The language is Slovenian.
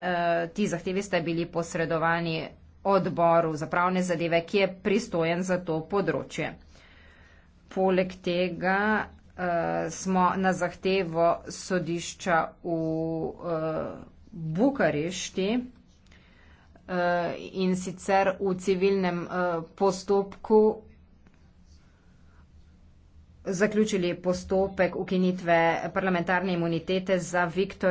Eh, ti zahtevi ste bili posredovani odboru za pravne zadeve, ki je pristojen za to področje. Poleg tega eh, smo na zahtevo sodišča v eh, Bukarešti in sicer v civilnem postopku zaključili postopek ukinitve parlamentarne imunitete za Viktor.